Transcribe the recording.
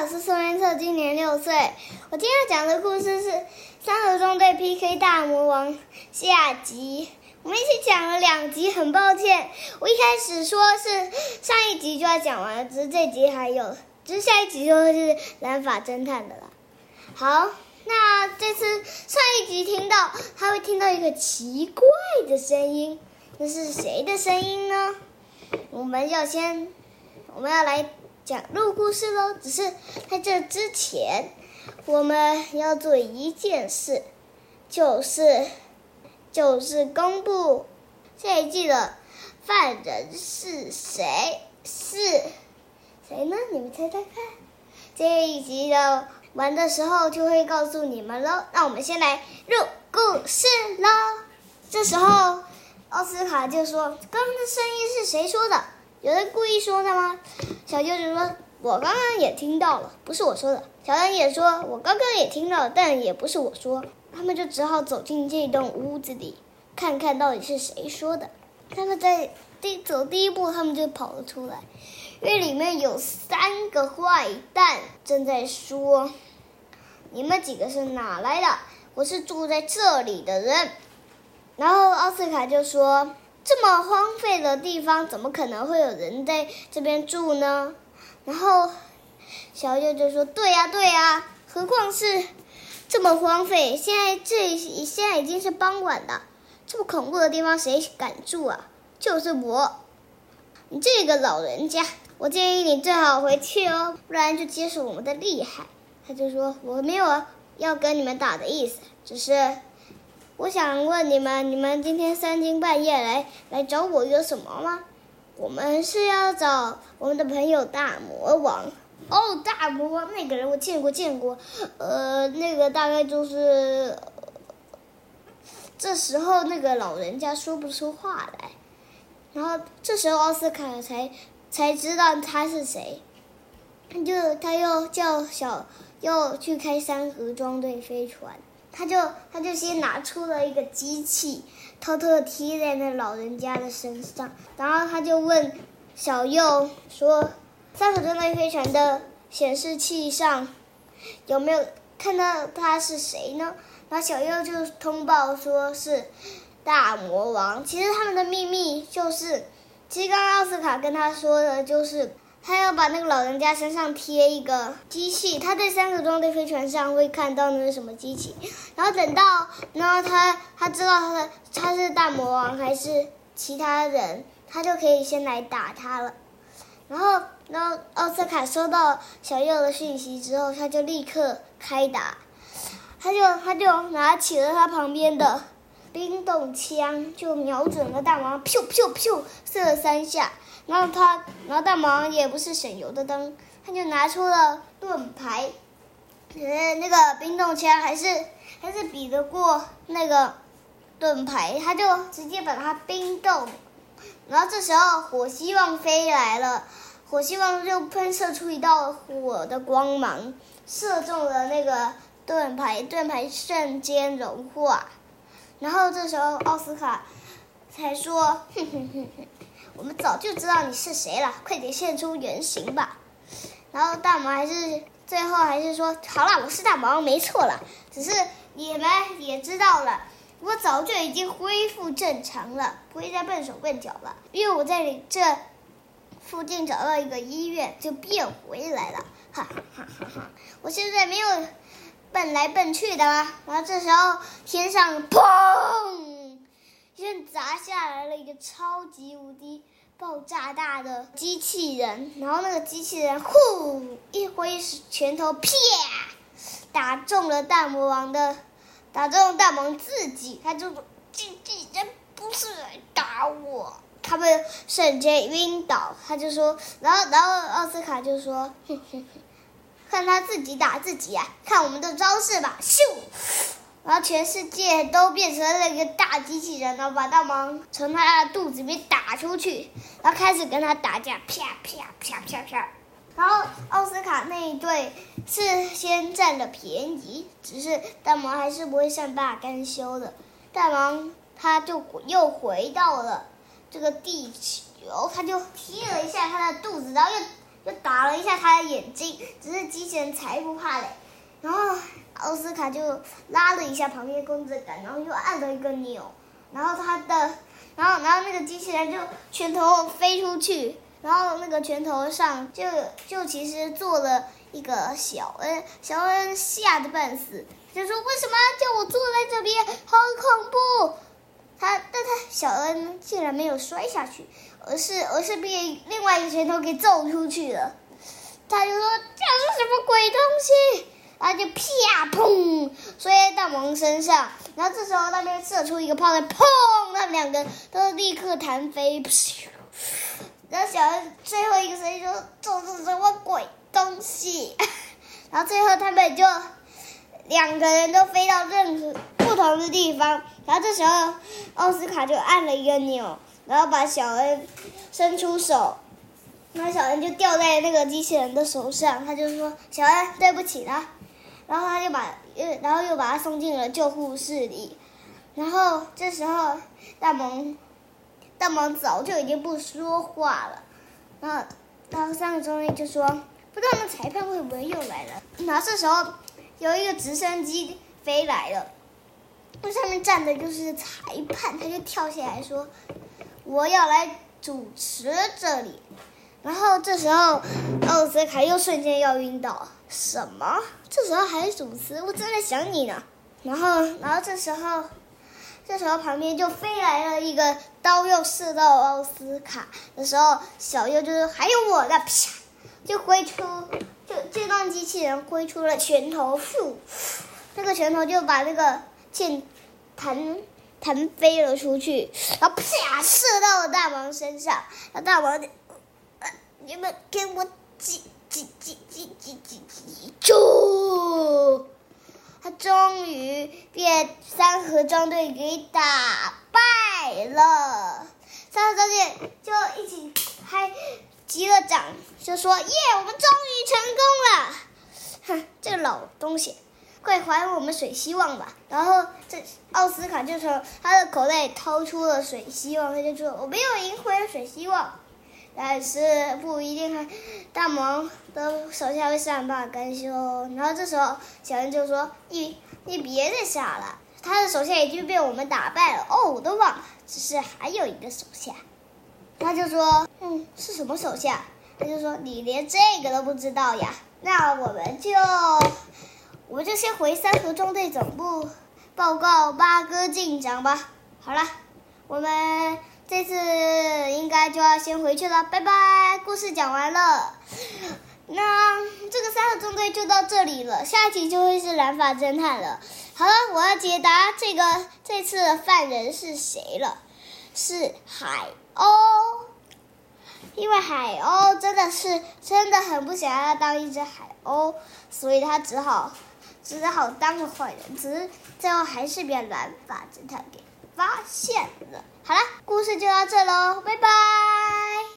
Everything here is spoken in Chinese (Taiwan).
我、啊、是宋元策，今年六歲。我今天要講的故事是《三合中隊 PK 大魔王》下集。我們一起講了兩集，很抱歉，我一開始說是上一集就要講完了，只是這集還有，只是下一集就是藍髮偵探的了。好，那這次上一集聽到他會聽到一個奇怪的聲音，那是誰的聲音呢？我們要先，我們要來。講入故事嘍，只是在這之前，我們要做一件事，就是就是公布這一季的犯人是誰，是誰呢？你們猜猜看。這一集的玩的時候就會告訴你們嘍。那我們先來入故事嘍。這時候，奧斯卡就說：“剛剛的聲音是誰說的？”有人故意說的嗎？小舅子說：“我剛剛也聽到了，不是我說的。”小狼也說：“我剛剛也聽到了，但也不是我說。”他們就只好走進這棟屋子裡，看看到底是誰說的。他們在第走第一步，他們就跑了出來，因為裡面有三個壞蛋正在說：“你們幾個是哪來的？我是住在這裡的人。”然後奧斯卡就說。這麼荒廢的地方，怎麼可能會有人在這邊住呢？然後小舅就說：“對呀，對呀，何況是這麼荒廢。現在這現在已經是傍晚了，這麼恐怖的地方，誰敢住啊？就是我，你這個老人家，我建議你最好回去哦，不然就接受我們的厲害。”他就說：“我沒有要跟你們打的意思，只是……”我想問你們，你們今天三更半夜來來找我有什麼嗎？我們是要找我們的朋友大魔王。哦、oh,，大魔王那個人我見過見過，呃，那個大概就是這時候那個老人家說不出話來，然後這時候奧斯卡才才知道他是誰，就他又叫小又去開三合裝隊飛船。他就他就先拿出了一個機器，偷偷的貼在那老人家的身上，然後他就問小右說：“三手中的飛船的顯示器上有沒有看到他是誰呢？”然後小右就通報說是大魔王。其實他們的秘密就是，其實剛剛奧斯卡跟他說的就是。他要把那個老人家身上貼一個機器，他在三合裝隊的飛船上會看到那是什麼機器，然後等到，然後他他知道他的他是大魔王還是其他人，他就可以先來打他了。然後，然後奧斯卡收到小右的訊息之後，他就立刻開打，他就他就拿起了他旁邊的冰凍槍，就瞄準了大魔王，咻咻咻，咻，射了三下。然後他，然後大魔王也不是省油的燈，他就拿出了盾牌，呃、嗯，那個冰凍槍還是還是比得過那個盾牌，他就直接把它冰凍。然後這時候火希望飛來了，火希望就噴射出一道火的光芒，射中了那個盾牌，盾牌瞬間融化。然後這時候奧斯卡才說，哼哼哼哼。我們早就知道你是誰了，快點現出原形吧！然後大毛還是最後還是說：“好了，我是大毛，沒錯了。只是你們也知道了，我早就已經恢復正常了，不會再笨手笨腳了。因為我在你這，這這，這附近找到一個醫院，就變回來了。哈哈哈哈！我現在沒有蹦來蹦去的啦，然後這時候天上砰！”先砸下來了一個超級無敵爆炸大的機器人，然後那個機器人呼一揮一拳頭，啪打中了大魔王的，打中大魔王自己，他就說機器人不是來打我，他們瞬間暈倒，他就說，然後然後奧斯卡就說，哼哼哼，看他自己打自己啊，看我們的招式吧，咻。然後全世界都變成了一個大機器人，然後把大魔王從他的肚子裡面打出去，然後開始跟他打架，啪啪啪啪啪。然後奧斯卡那一隊是先佔了便宜，只是大魔王還是不會善罷甘休的。大魔王他就又回到了這個地球，他就踢了一下他的肚子，然後又又打了一下他的眼睛。只是機器人，才不怕嘞。然後奧斯卡就拉了一下旁邊的控制桿，然後又按了一個鈕，然後他的，然後然後那個機器人就拳頭飛出去，然後那個拳頭上就就其實坐了一個小恩，小恩嚇得半死，就說：“為什麼叫我坐在這邊？好恐怖！”他但他小恩竟然沒有摔下去，而是而是被另外一個拳頭給揍出去了。他就說：“這是什麼鬼東西？”他就啪、啊、砰摔在大魔王身上，然後這時候那邊射出一個炮彈，砰！那兩個都立刻彈飛。然後小恩最後一個聲音就是，做出什麼鬼東西？”然後最後他們就兩個人都飛到任何不同的地方。然後這時候奧斯卡就按了一個鈕，然後把小恩伸出手，那小恩就掉在那個機器人的手上。他就說：“小恩，對不起啦。”然後他就把又，然後又把他送進了救護室裡。然後這時候大，大萌大萌早就已經不說話了。然後他們三個中尉就說：“不知道那裁判會不會又來了。”然後這時候有一個直升機飛來了，那上面站的就是裁判，他就跳下來說：“我要來主持這裡。”然後這時候奧斯卡又瞬間要暈倒。什麼？這時候還是主持，我真的想你呢。然後，然後這時候，這時候旁邊就飛來了一個刀，又射到奧斯卡的時候小，小優就是還有我的，啪，就揮出，就這段機器人揮出了拳頭術，那個拳頭就把那個箭彈彈飛了出去，然後啪射到了大王身上，那大王呃，你們給我幾。幾幾幾幾幾幾就，他終於被三合裝隊給打敗了。三合裝隊就一起拍擊了掌，就說：“耶，我們終於成功了！”哼，這老東西，快還我們水希望吧！然後這奧斯卡就從他的口袋裡掏出了水希望，他就說：“我沒有贏，回有水希望。”但是不一定，大魔的手下會善罷甘休。然後這時候，小鷹就說：“你你別再傻了，他的手下已經被我們打敗了哦，我都忘了，只是還有一個手下。”他就說：“嗯，是什麼手下？”他就說：“你連這個都不知道呀？那我們就，我們就先回三合中隊總部報告八哥進展吧。好了，我們。”這次應該就要先回去了，拜拜。故事講完了，那這個三合裝隊就到這裡了，下一集就會是藍髮偵探了。好了，我要解答這個，這次的犯人是誰了，是海鷗，因為海鷗真的是真的很不想要當一只海鷗，所以他只好只好當個壞人，只是最後還是被藍髮偵探給。發現了，好了，故事就到這嘍，拜拜。